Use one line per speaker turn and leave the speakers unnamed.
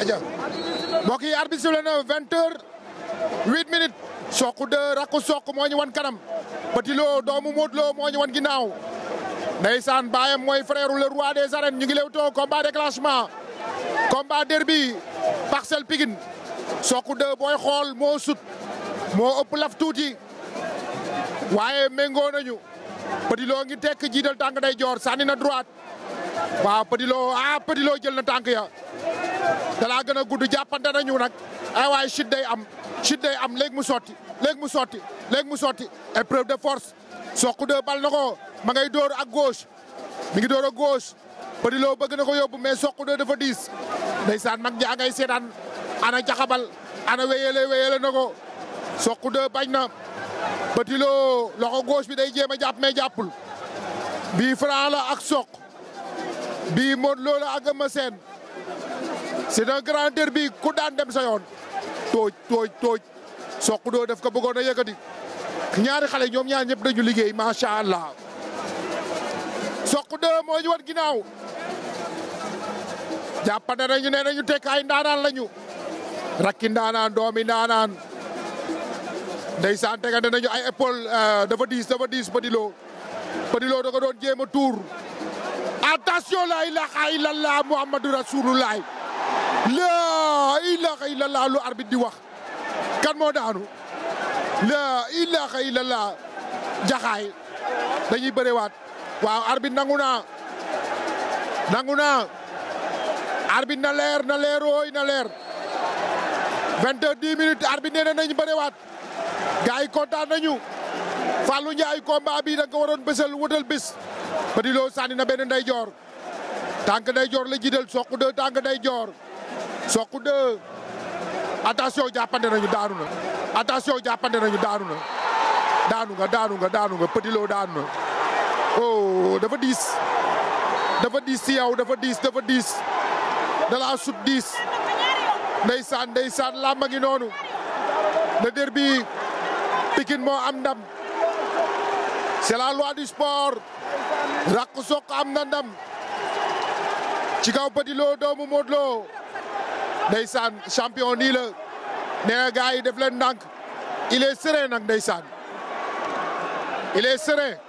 aja mbokk yi arbitre sifflé na vingt huit minutes Sokh 2 Raku Sokh moo ñu wan kanam Petit Lo doomu Modou Lo moo ñu wan ginnaaw ndeysaan baayam mooy frère le roi des arènes ñu ngi lewtoo combat déclenchement combat derby Parcelles Pikine Sokh 2 booy xool moo sut moo ëpp laf tuuti waaye méngoo nañu Petit ngi tekk jiital tànk day joor sànni na droite waaw Petit Lo ah Petit tànk ya dalaa gën a gudd jàppante nañu nag ay waay day am chute day am léegi mu sotti léegi mu sotti léegi mu sotti épreuve de force Sokh 2 bal ko ma ngay door ak gauche mi ngi door a gauche Petit Lo bëgg na ko yóbbu mais Sokh 2 dafa diis ndeysaan mag ñaa ngay seetaan ana jaxabal ana wéyale wéyale na ko Sokh 2 bañ na Petit loxo gauche bi day jéem a jàpp mais jàppul bii Franc la ak Sokh bii Modou Lo la ak Eumeu c'est un grand derby ku daan dem sa tooj tooj tooj soq doo def ko bëggoon a yëkkati ñaari xale ñoom ñaar ñëpp dañu liggéey macha allah soq doo moo ñu wat ginnaaw jàppante nañu ne nañu tekk ay ndaanaan lañu rakki ndaanaan doomi ndaanaan ndeysaan tegante nañu ay épaule euh, dafa diis dafa diis Petit Lo Petit Lo da ko doon jéem a tuur attention la ilaha illallah muhammadu rasulullah la ilaha illallah lu arbitre di wax kan moo daanu la ilaha illallah jaxaay dañuy bërewaat waaw arbitre nangu naa nangu na arbitre na leer na leer ooy na leer vingt heures dix minutes arbitre nee na nañu bërewaat gars yi kontaan nañu Fallou Ndiaye combat bi da nga ko bésal wutal bés Petit Lo sànni na benn ndeyjoor tànk ndeyjoor la jiital Sokh 2 tànk ndeyjoor Sokh 2 attention jàppante nañu daanu na attention jàppante nañu daanu na daanu nga daanu nga daanu nga Petit Lo daanu na oh dafa diis dafa diis ci yow dafa diis dafa diis da laa sut diis ndeysaan ndeysaan làmba ngi noonu na derbi Pikine moo am ndam c'est la loi du sport Raku am na ndam ci kaw Petit Lo doomu Modou Lo ndeysaan champion nii la nee na gars def leen ndànk il est serein nag ndeysaan il est serein